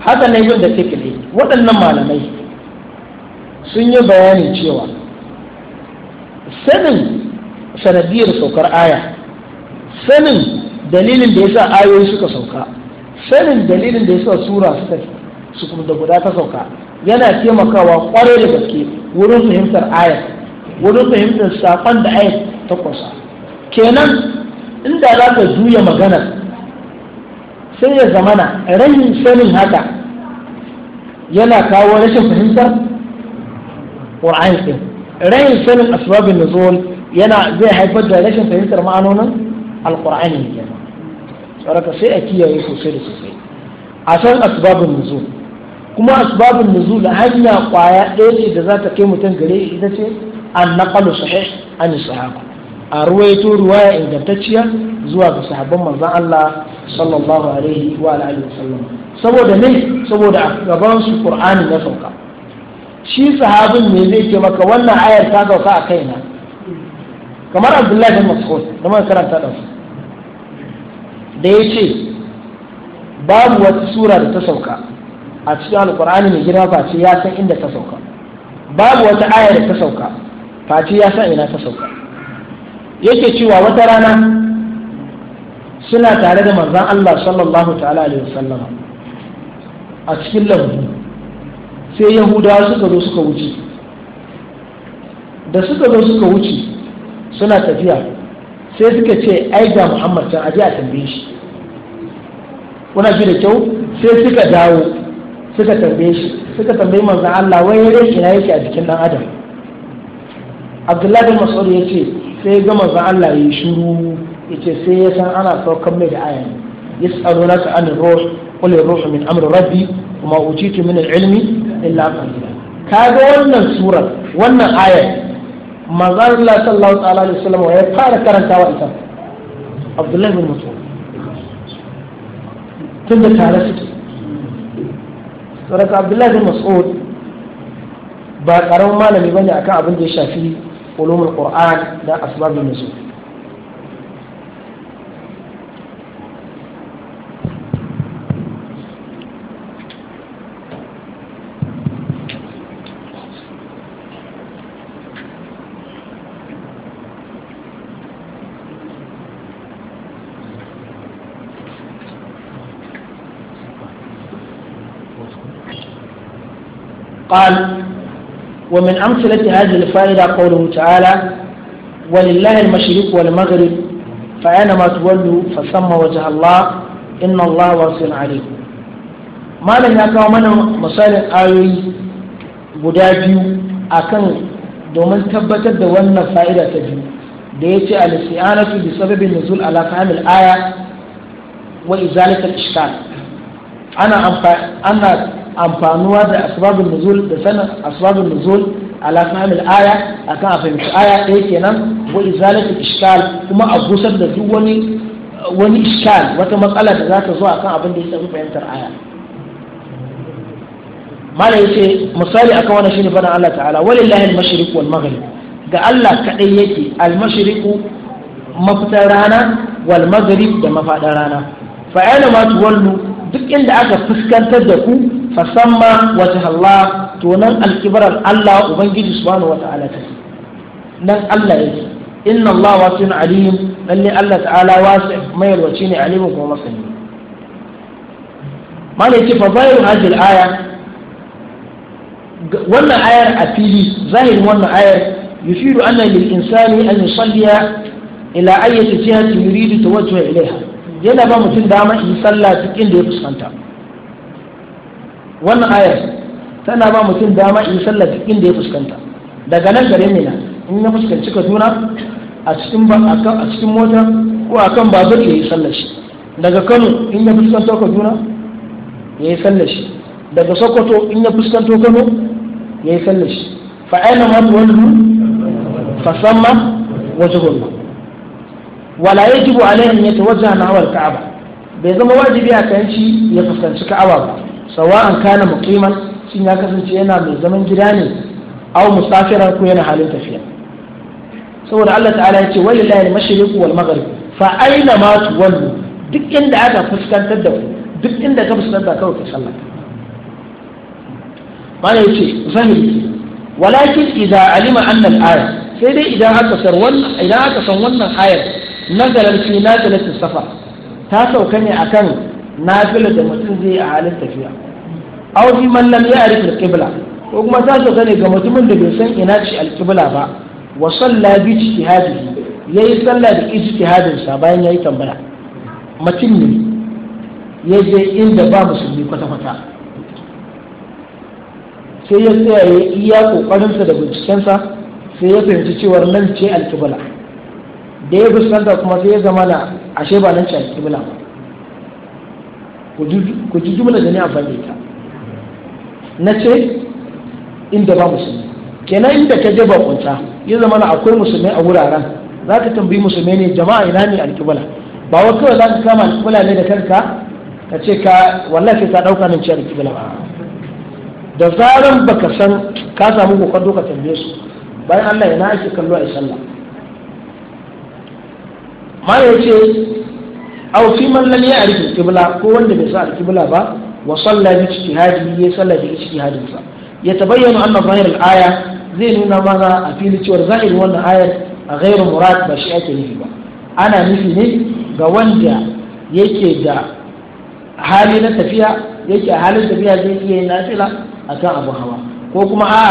Speaker 1: haka ne yau da fikiri waɗannan malamai sun yi bayanin cewa sanin sanadiyar saukar aya sanin dalilin da ya sa ayoyi suka sauka sanin dalilin da ya sa sura suka su da guda ta sauka yana taimakawa kwarai da gaske wurin fahimtar ayat wurin fahimtar saƙon da ayat ta kusa kenan inda za ka juya maganar sai ya zamana rahin sanin haka yana kawo rashin fahimtar ƙur'ani ɗin rahin sanin asbabin nuzul yana zai haifar da rashin fahimtar ma'anonin alqur'ani ne saboda sai a kiyaye sosai da sosai a san asbabun nuzul kuma asbabun nuzul hanya kwaya ɗaya ce da za ta kai mutum gare ita ce an naqalu sahih an sahaba a ruwaito ruwaya ingantacciya zuwa ga sahabban manzon Allah sallallahu alaihi wa alihi wasallam saboda ne saboda a gaban su qur'ani na sauka shi sahabin ne zai ce maka wannan ayar ta sauka a kaina kamar abdullahi bin mas'ud da muka karanta da su da ya ce babu wata sura da ta sauka a cikin alkur'ani mai girma face ya san inda ta sauka babu wata aya da ta sauka face ya san ina ta sauka yake cewa wata rana suna tare da manzan Allah sallallahu ta'ala alaihi wasallam a cikin lambu sai yahudawa suka zo suka wuce da suka zo suka wuce suna tafiya sai suka ce ai ga muhammad can aje a tambaye shi kuna ji da kyau sai suka dawo suka tambaye shi suka tambayi manzon Allah wai rai ina yake a jikin dan adam Abdullahi bin Mas'ud ya ce sai ga manzon Allah ya shiru ya ce sai ya san ana saukan mai da ayan yas'alunaka an ruh qul ruhu min amri rabbi kuma utitu min al-ilmi illa qalila ga wannan sura wannan ayar manzon Allah sallallahu alaihi wasallam ya fara karantawa ita Abdullahi bin Mas'ud tun da tare suke sarrafa abdullahi bin mas'ud ba karamin malami bane akan abin da ya shafi ulumul qur'an da asbabun nuzul قال ومن أمثلة هذه الفائدة قوله تعالى ولله المشرق والمغرب فأينما تولوا فثم وجه الله إن الله واسع عليم malam ya kawo mana misalin ayoyi guda biyu akan domin tabbatar da wannan fa'ida ta biyu da ya ce al-si'anatu bi sababin nuzul ala aya wa izalatul ishkal ana amfanuwa da asbabun nuzul da sanin asbabun nuzul ala kamil aya akan a fahimci aya ɗaya kenan wa izalatu iskal kuma a gusar da duk wani wani iskal wata matsala da za ta zo akan abin da ya tafi fahimtar aya mala yace misali akan wannan shine fadan Allah ta'ala walillahi al-mashriq wal maghrib ga Allah kadai yake al-mashriq mafitar rana wal maghrib da mafadar rana fa aina ma tuwallu duk inda aka fuskantar da ku fasamma wata Allah to nan alkibarar Allah Ubangiji subhanahu wa ta'ala ta nan Allah yake inna Allah wasu alim lalle Allah ta'ala wasu mai yalwaci ne alimin kuma masani mana yake fa bayan hajjil aya wannan ayar a fili zahirin wannan ayar yufidu anna lil insani an yusalliya ila ayyati jihati yuridu tawajjuha ilaiha yana ba mutum dama in sallah cikin da ya fuskanta wannan ayar tana ba mutum dama in sallar duk inda ya fuskanta daga nan gare na, in ya fuskanci kaduna a cikin a cikin mota ko a kan babur ya yi sallar shi daga kano in ya fuskanto juna ya yi sallar shi daga sokoto in ya fuskanto kano ya yi sallar shi aina ma tuwallu wajen wajhullah wala yajibu alayhi an yatawajjaha nahwa al-ka'aba bai zama wajibi a kan shi ya fuskanci ka'aba ba sawa'an kana muqiman shin ya kasance yana mai zaman gida ne aw musafiran ko yana halin tafiya saboda Allah ta'ala ya ce walillahi al-mashriq wal maghrib fa aina ma tuwallu duk inda aka fuskantar da duk inda ka fuskanta kawai ka sallah mana yace zahiri walakin idza alima anna al-aya sai dai idan aka san wannan idan aka san wannan ayar nazarar fi nazalati safa ta sauka ne akan nafila da mutum zai yi a halin tafiya aw fi man lam ya'rif al-qibla ko kuma ta so sani ga mutumin da bai san ina ce al-qibla ba wa salla bi ijtihadihi yayi sallah da ijtihadin sa bayan yayi tambaya mutum ne ya je inda ba musulmi kwata kwata sai ya tsaya ya iya sa da bincikensa sai ya fahimci cewa nan ce al-qibla da ya fuskanta kuma sai ya zama na ashe ba nan ce al-qibla ba ku ji jumla da ni a bane ta na ce inda ba musulmi kenan inda ka je ba kunta ya zama na akwai musulmi a wuraren za ka tambayi musulmi ne jama'a ina ne alkibala ba wa kawai za ka kama alkibala ne da kanka ka ce ka wallahi ta dauka nan ce alkibala ba da zaran ka san ka samu kokon ka tambaye su bayan Allah na ake kallo a sallah ma ya ce aw fi man lam ya'rif al-qibla ko wanda bai sa al-qibla ba wa salla bi ijtihadi ya salla bi ijtihadin sa ya tabayyana anna zahir al-aya zai nuna mana a fili cewa zahir wannan ayar a ghairu murad ba shi ake nufi ba ana nufi ne ga wanda yake da hali na tafiya yake a halin tafiya zai iya yin nafila akan abu hawa ko kuma a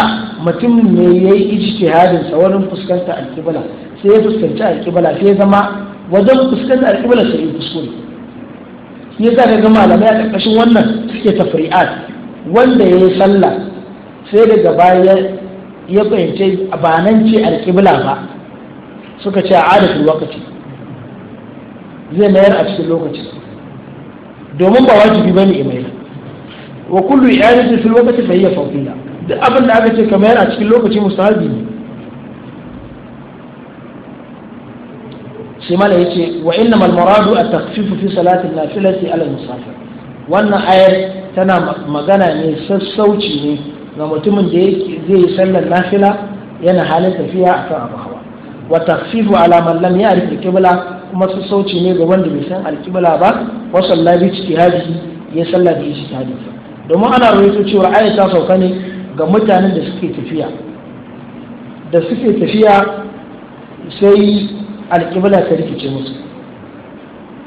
Speaker 1: mutum ne ya yi ijtihadin sa wurin fuskanta alkibala sai ya fuskanci alkibala sai ya zama wajen fuskantar alƙibla sai fuskuri shi za ka ga malamai a ƙarƙashin wannan suke tafari'at. wanda ya yi sallah sai daga baya ya fahimci ba nan ce alƙibla ba suka ce a adadin lokaci zai mayar a cikin lokaci domin ba wajibi ba ne imai wa kullu yi fil lokaci fa hiya fawqiyya duk abin da aka ce ka mayar a cikin lokaci mustahabi ne sai mala yace wa innamal muradu at-takhfifu fi salati nafilati ala musafir wannan ayar tana magana ne sassauci ne ga mutumin da zai yi sallar nafila yana halin tafiya akan abu hawa wa takhfifu ala man lam ya'rif al-qibla kuma sassauci ne ga wanda bai san al-qibla ba wa sallabi ijtihadi ya salla bi ijtihadi domin ana rawaito cewa ayar ta sauka ne ga mutanen da suke tafiya da suke tafiya sai alƙibla ta rikice musu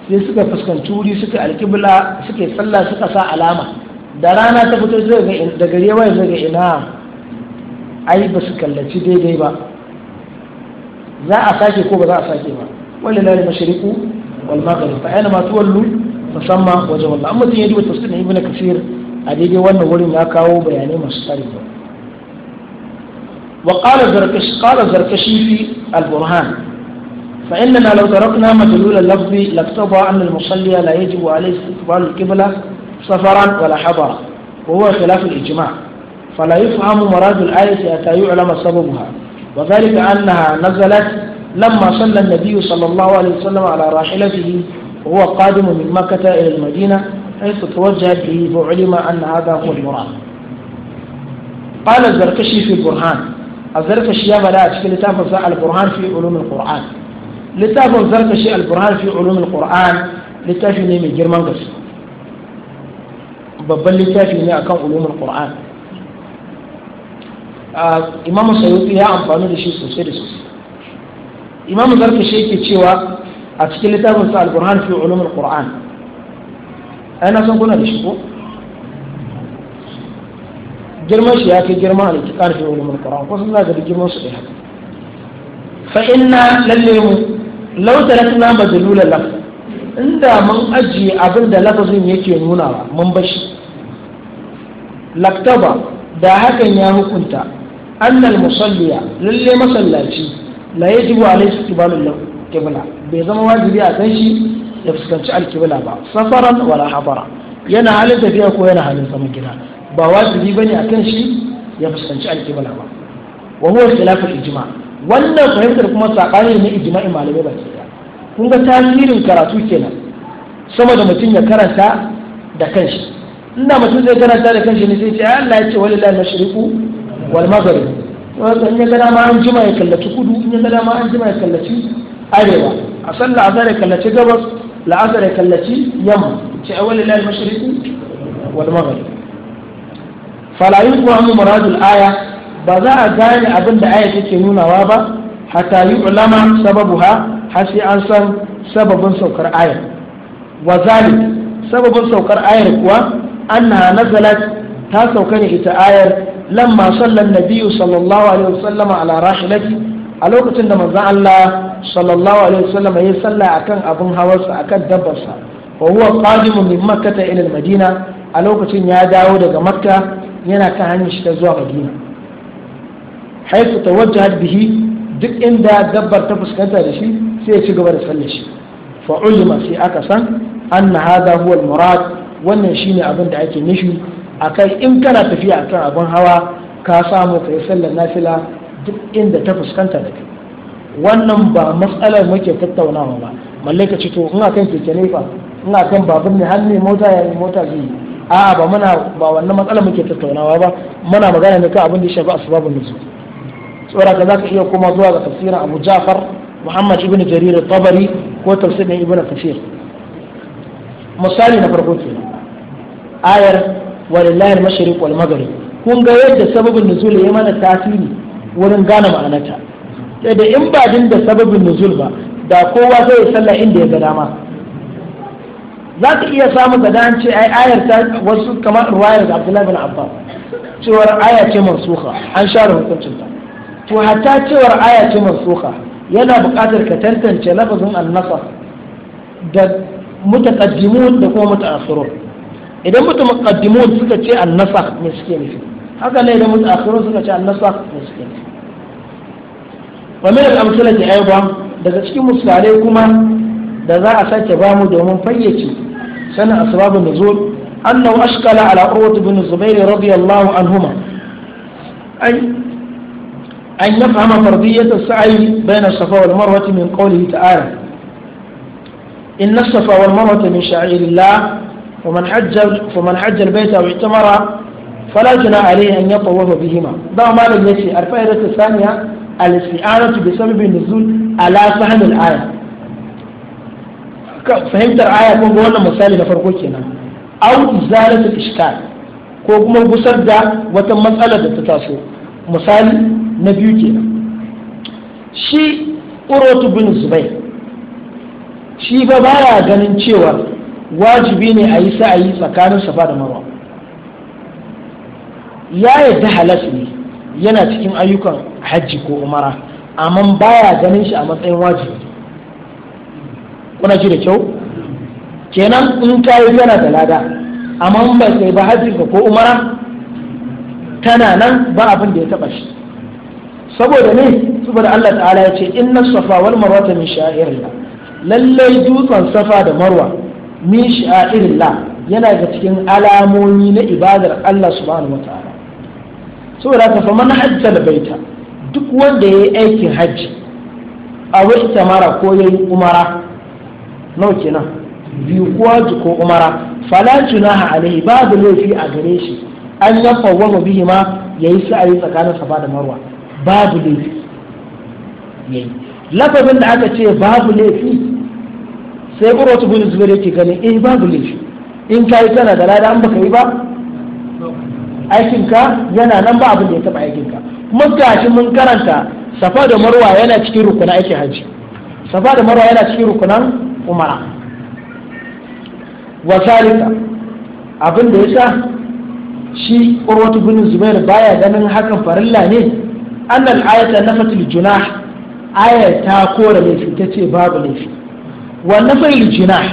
Speaker 1: sai suka fuskanci wuri suka alƙibla suka yi sallah suka sa alama da rana ta fito da gare waya daga ina ai ba su kallaci daidai ba za a sake ko ba za a sake ba wani lalai mashariku wal maghrib fa aina masu wallu musamman wajen wallah amma zai yi wa tafsirin Ibn kasir a daidai wannan wurin ya kawo bayanai masu tsari وقال زركشي زركشي في البرهان فإننا لو تركنا مدلول اللفظ لاقتضى أن المصلي لا يجب عليه استقبال القبلة سفرا ولا حضرا وهو خلاف الإجماع فلا يفهم مراد الآية حتى يعلم سببها وذلك أنها نزلت لما صلى النبي صلى الله عليه وسلم على راحلته وهو قادم من مكة إلى المدينة حيث توجه به فعلم أن هذا هو المراد قال الزركشي في البرهان الزركشي يا ملاك في كتاب البرهان في علوم القرآن لتافهم فرق الشيء القرآن في علوم القرآن لتافهم من جرمان قصة بل لتافهم أكام علوم القرآن آه إمام سيوتي يا أمفانو لشيء سوسيري سوسي إمام ذلك الشيء كتشيوا أتكي لتافهم فرق القرآن في علوم القرآن أنا سنقول لشيكو جرمان شيء أكي جرمان في علوم القرآن قصة لا تريد جرمان فإن لليوم lautarat na majalula laf inda mun ajiye abin da lafazin yake nunawa mun bashi laktaba da hakan ya hukunta annal musalliya lalle masallaci la yajibu alayhi istiqbalul kibla bai zama wajibi a kan shi ya fuskanci alkibla ba safaran wala habara yana halin tafiya ko yana halin zaman gida ba wajibi bane a kan shi ya fuskanci alkibla ba wa huwa khilaful ijma' wannan fahimtar kuma saɓani ne ijma'in malamai baki ɗaya kun ga tasirin karatu kenan sama da mutum ya karanta da kanshi inda mutum zai karanta da kanshi ne sai ce Allah ya ce wani lal mashriqu wal maghrib wannan ya gada ma an jima ya kallaci kudu in ya ga ma an jima ya kallaci arewa a sallah azhar ya kallaci gabas la'azar ya kallaci yamma ce wani lal mashriqu wal maghrib fala yuqamu muradul aya ba za a gane abin da aya take nunawa ba hatta yi ulama sababuha har sai an san sababin saukar ayar wa zalik sababin saukar ayar kuwa na nazalat ta sauka ne ita ayar lamma sallan nabiyyu sallallahu alaihi wasallama ala rahilati a lokacin da manzon Allah sallallahu alaihi wasallama ya salla akan abin a akan dabbarsa wa huwa qadimun min makkah ila al-madina a lokacin ya dawo daga makka yana kan hanyar shi ta zuwa madina ta wajen bihi duk inda dabbar ta fuskanta da shi sai ya ci gaba da tsalle shi sai aka san an na huwa al-murad wannan ne abin da ake nishi akai in kana tafiya akan abin hawa ka samu yi sallar nafila duk inda ta fuskanta da kai wannan ba matsalar muke tattaunawa ba mallaka ce to ina kan keke ne fa ina kan babur ne har ne mota ya mota zai a'a ba muna ba wannan matsalar muke tattaunawa ba muna magana ne kan abin da ya shafi asbabun nuzul saboda ka za ka iya kuma zuwa ga tafsirin abu jafar muhammad ibn jarir tabari ko tafsirin ibn kashir
Speaker 2: misali na farko
Speaker 1: ke ayar walillahi al-mashriq wal maghrib kun ga yadda sababin nuzul ya mana tasiri wurin gane ma'anarta da in ba din da sababin nuzul ba da kowa zai sallah inda ya ga dama za ka iya samun ga dan ce ai ayar ta wasu kamar ruwayar da Abdullahi bin Abbas cewar aya ce mansuha an share hukuncin ta to hatta cewar aya ce mansuha yana buƙatar ka tantance lafazin annasa da mutaqaddimun da kuma mutaakhirun idan mutaqaddimun suka ce annasa ne suke nufi haka ne idan mutaakhirun suka ce annasa ne suke nufi
Speaker 2: wa min al-amsalati aidan
Speaker 1: daga cikin misalai kuma da za a sake ba mu domin fayyace sanin asbabun nuzul annahu ashkala ala urwat ibn zubair radiyallahu anhuma an أن يفهم فرضية السعي بين الصفا والمروة من قوله تعالى إن الصفا والمروة من شعائر الله ومن حج فمن حج البيت أو اعتمر فلا جنى عليه أن يطوف بهما ده ما لم الفائدة الثانية الاستعانة بسبب النزول على فهم الآية فهمت الآية كون قولنا مثال لفرقو أو إزالة الإشكال كون kuma gusar وتم مسألة matsalar da na biyu kenan shi urotu bin zubai shi ba baya ganin cewa wajibi ne a yi sa'ayi tsakanin safa da marwa ya yadda halas ne yana cikin ayyukan hajji ko umara amma baya ganin shi a matsayin wajibi kuna ji da kyau kenan in kayi yana da lada amma ba sai ba hajji ko umara tana nan ba abin da ya taba shi saboda ne saboda Allah ta'ala ya ce inna safa wal marwa min sha'irillah lallai dutsen safa da marwa min sha'irillah yana ga cikin alamomi na ibadar Allah subhanahu wa ta'ala saboda ka fa man hajjal baita duk wanda yayi aikin hajji a wai tamara ko yayi umara nawa kenan biyu ko ko umara fala junaha alaihi babu laifi a gare shi an yafa wa bihi ma yayi sa'ayi tsakanin safa da marwa babu laifi yayi lafazin da aka ce babu laifi sai urwatu bin zubair yake ganin eh babu laifi in yi tana da lada an baka yi ba aikinka yana nan ba abin da ya taba aikinka kuma gashi mun karanta safa da marwa yana cikin rukunan aikin haji safa da marwa yana cikin rukunan umara wasalika abin da ya sa shi urwatu bin zubair baya ganin hakan farilla ne annal ayata nafatul junah aya ta kora laifi ta ce babu laifi wa nafatul junah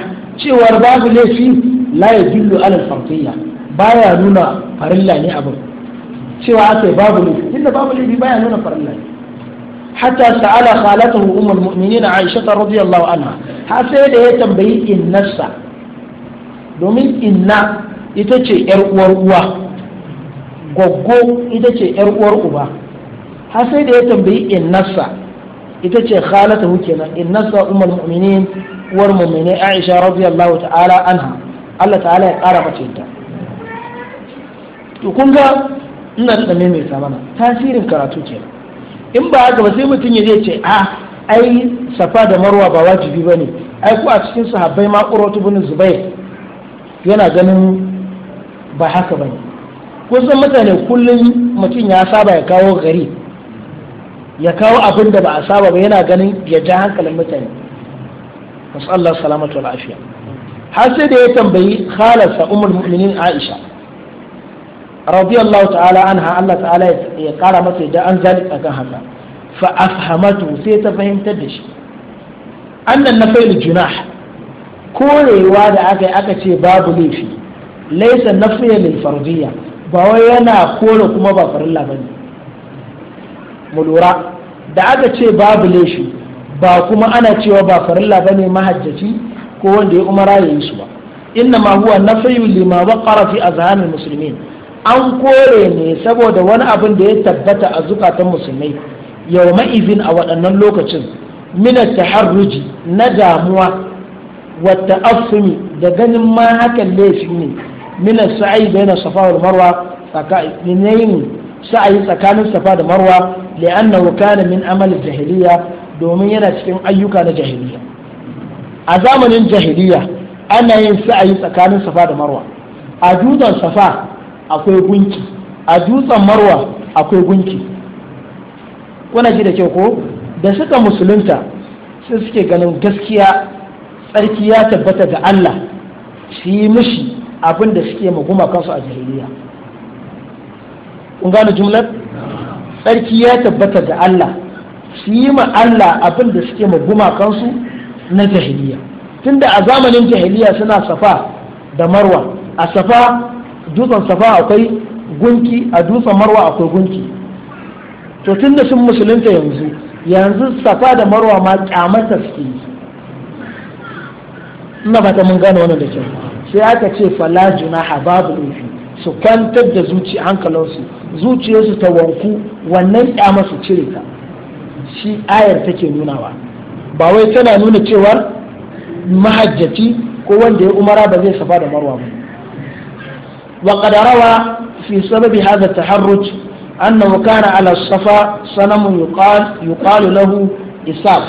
Speaker 1: cewar babu laifi la yadullu ala al baya nuna farilla ne abin cewa aka babu laifi tunda babu laifi baya nuna farilla ne hatta sa'ala khalatahu ummul mu'minin Aisha radiyallahu anha har sai da ya tambayi innarsa domin inna ita ce yar uwar uwa gwaggo ita ce yar uwar uba har sai da ya tambayi nasa ita ce khalata nan in nasa umar mu'minin uwar mu'mini Aisha radiyallahu ta'ala anha Allah ta'ala ya kara mace ta to kun ga ina da mai samana tasirin karatu ke. in ba haka ba sai mutum ya ce a ah, ai safa da marwa ba wajibi ba ne ai ku a cikin sahabbai ma ƙurotu bin zubair yana ganin ba haka ba ne kusan mutane kullum mutum ya saba ya kawo gari ya kawo abin da ba a saba ba yana ganin ya ja hankalin mutane masu Allah salamatu wal har sai da ya tambayi khalarsa umar mu'minin Aisha radiyallahu ta'ala anha Allah ta'ala ya kara mata da an zalik akan haka fa afhamatu sai ta fahimtar da shi annan na nafil junah korewa da aka aka ce babu laifi laisa nafiya lil fardiyya ba wai yana kore kuma ba farilla bane mu lura da aka ce babu leshi ba kuma ana cewa ba farilla bane mahajjaci ko wanda ya umara ya yi su ba inna ma huwa nafyu lima waqara fi azhanil muslimin an kore ne saboda wani abin da ya tabbata a zukatan musulmai yawma izin a waɗannan lokacin min taharruji na damuwa wa ta'assumi da ganin ma hakan laifi ne min sa'i bayna safa wal marwa tsakanin sa'ayi tsakanin safa da marwa li'anna kana min amal jahiliya domin yana cikin ayyuka na jahiliya a zamanin jahiliya ana yin sa'ayi tsakanin safa da marwa a dutsen safa akwai gunki a dutsen marwa akwai gunki kuna shi da kyau ko da suka musulunta sai suke ganin gaskiya tsarki ya tabbata ga Allah su yi mishi abin da suke maguma kansu a jahiliya kun gane jumlar tsarki ya tabbata da Allah su yi ma Allah abin da suke ma gumakansu na jahiliya tunda a zamanin jahiliya suna safa da marwa a safa dutsen safa akwai gunki a dutsen marwa akwai gunki to tunda sun musulunta yanzu yanzu safa da marwa ma kyamata suke yi ina fata mun gane wannan da kyau sai aka ce fala junaha babu su kwantar da zuci hankalinsu zuciyarsu ta wanku wannan kyama su cire shi ayar take nunawa ba wai tana nuna cewar mahajjaci ko wanda ya umara ba zai safa da marwa ba wa rawa fi sababi hadha taharruj annahu kana ala safa sanamu yuqal yuqalu lahu isaf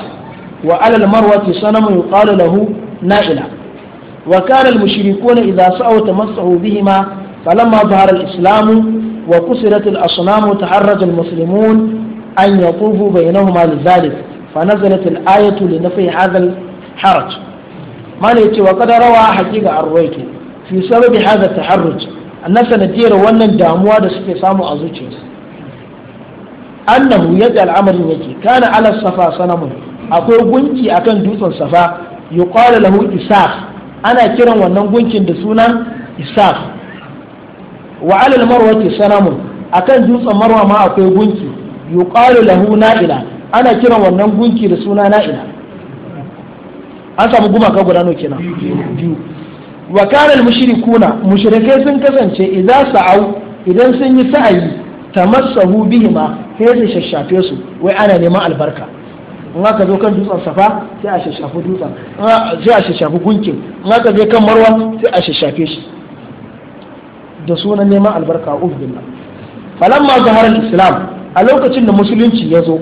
Speaker 1: wa ala almarwati sanamu yuqalu lahu na'ila wa kana almushrikuna idha sa'u tamassahu ma. فلما ظهر الإسلام وكسرت الأصنام تحرج المسلمون أن يطوفوا بينهما لذلك فنزلت الآية لنفي هذا الحرج ما ليتي وقد روى حقيقة الرويكي في سبب هذا التحرج الناس ندير ونن داموا دا سكي سامو أزوجي أنه يجعل عمل يجي كان على الصفا صنم أقول gunki akan dutsen safa yuqalu lahu isaf ana kiran wannan gunkin da sunan isaf wa alal marwati sanamun akan dutsen marwa ma akwai gunki yuqalu lahu na'ila ana kiran wannan gunki da suna na'ila an samu gumaka guda nawa kenan wa kana mushrikuna mushrikai sun kasance idan sa'au idan sun yi sa'ayi tamassahu bihima sai su shashafe su wai ana neman albarka in aka zo kan dutsen safa sai a shashafi dutsen sai a shashafi gunkin in aka zo kan marwa sai a shashafe shi da sunan neman albarka a ubillah falamma zaharar islam a lokacin da musulunci ya zo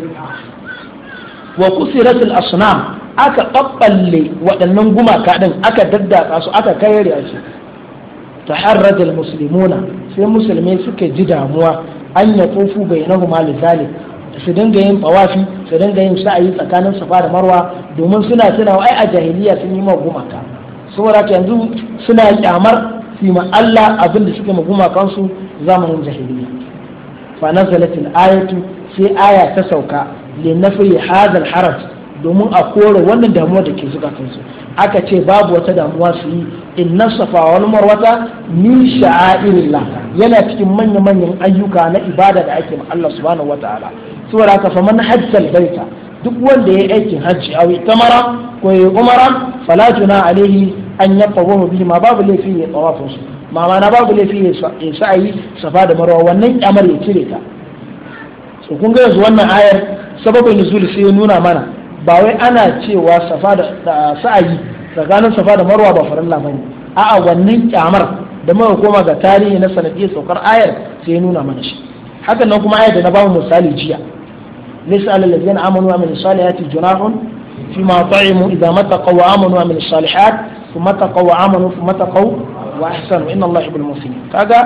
Speaker 1: wa kusiratul asnam aka ɓaɓɓalle waɗannan gumaka ɗin aka daddatsa su aka kayar a su ta harrajar musulmuna sai musulmi suka ji damuwa an ya tsofu bai na huma su dinga yin bawafi su dinga yin sa'ayi tsakanin safa da marwa domin suna tunawa ai a jahiliya sun yi ma gumaka saboda yanzu suna kyamar su ma Allah abin da suka kansu zamanin jahiliya fa nazalat ayatu sai aya ta sauka li nafi haraj domin a kore wannan damuwa da ke zukatansu aka ce babu wata damuwa su yi inna safa wal marwata min sha'airillah yana cikin manya-manyan ayyuka na ibada da ake ma Allah subhanahu wataala saboda haka faman hajjal baita duk wanda ya aikin hajji aw tamara ko ya umara fala alaihi an ya tawafa bihi ma babu laifi ya tawafin su mama na babu laifi ya sa'ayi safa da marwa wannan kyamar ya cire ta so kun ga yanzu wannan ayar sababin nuzul sai ya nuna mana ba wai ana cewa safa da sa'ayi tsakanin safa da marwa ba farin lamari a'a wannan kyamar da muka koma ga tarihi na sanadiyar saukar ayar sai ya nuna mana shi hakan nan kuma ayar da na bamu misali jiya laysa alal ladzina amanu wa amilus salihati junahun fima ta'imu idza mattaqaw wa amanu wa salihat ثم تقوا وعملوا ثم wa واحسنوا ان الله يحب المحسنين kaga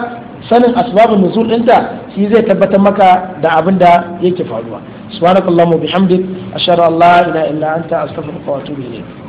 Speaker 1: sanin asbabun nuzul ɗinta shi zai tabbatar maka da abin da yake faruwa subhanakallahumma bihamdik ashhadu an la ilaha illa anta astaghfiruka wa atubu ilayk